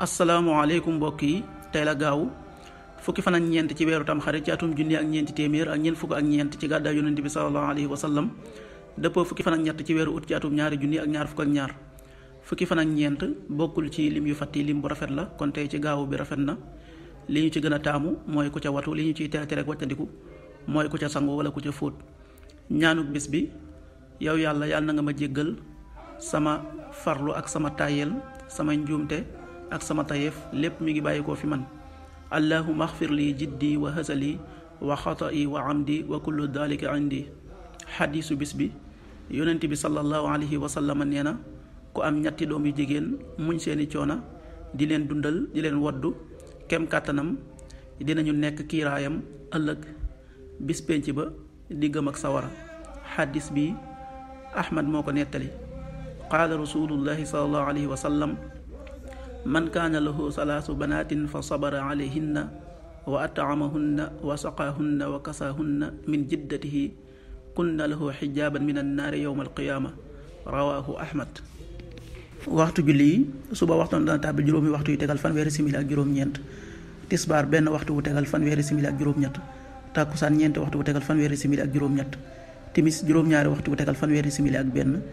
asalaamaaleykum mbokk yi tey la gaaw fukki fan ak ñeent ci weeru tamxarit ci atum junni ak ñeenti téeméer ak ñeent fukk ak ñeent ci gàddaay yonent bi sallallahu alayhi wa sallam dëppoo fukki fan ak ñett ci weeru ut ci atum ñaari junni ak ñaar fukk ak ñaar fukki fan ak ñeent bokkul ci lim yu fàtti lim bu rafet la kon tey ci gaaw bi rafet na li ñu ci gën a taamu mooy ku ca watu li ñu ciy tere tere ak wàccandiku mooy ku ca sangu wala ku ca fóot ñaanuk bis bi yow yàlla yàlla na nga ma jéggal sama farlu ak sama tayel sama njuumte ak sama tayeef lépp mu ngi bàyyi ko fi man allahuma axfir li jiddi wa hasali wa xata'i wa amdi wa kullu dalika indi xadiisu bis bi yonent bi sallallahu alayhi wa sallam nee na ku am ñetti doom yu jigéen muñ seeni coona di leen dundal di leen woddu kem kàttanam dinañu nekk kiiraayam ëllëg bis pénc ba di gëm ak sawara xadis bi ahmad moo ko nettali qaala rasulullahi sallallahu alayhi wa sallam man kaana lahu salaasu banaatin fa sabara alayhinna wa ataamahunna wa saqaahunna wa kasaahunna min jiddatihi na lahu xijaaban min annaari yowma alqiyaama rawaahu ahmad waxtu julli yi suba waxtoon dana tàbbi juróomi waxtu yu tegal fanweeri simili ak juróom-ñeent tisbaar benn waxtu bu tegal fanweeri simili ak juróom-ñett tàkkusaan ñeenti waxtu bu tegal fanweeri simili ak juróom-ñett timis juróom-ñaari waxtu bu tegal fanweeri simili ak benn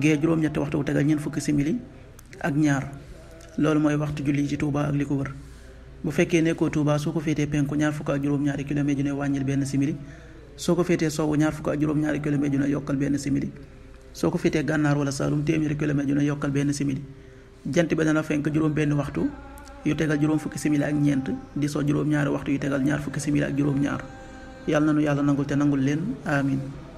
gee juróom-ñetti waxtu bu tegal ñeent fukki simili ak ñaar loolu mooy waxtu julli ci Touba ak li ko wër bu fekkee nekkoo Touba soo ko féetee penku ñaar fukk ak juróom-ñaari kilomètre ju ne wàññil benn simili soo ko féetee sowwu ñaar fukk ak juróom-ñaari kilomètre ju yokkal benn simili soo ko féetee gànnaar wala saalum téeméeri kilomètre ju ne yokkal benn simili jant bi dana fenk juróom-benn waxtu yu tegal juróom fukki simili ak ñeent di soo juróom-ñaari waxtu yu tegal ñaar fukki simili ak juróom-ñaar yàlla na nu yàlla nangul te nangul leen amin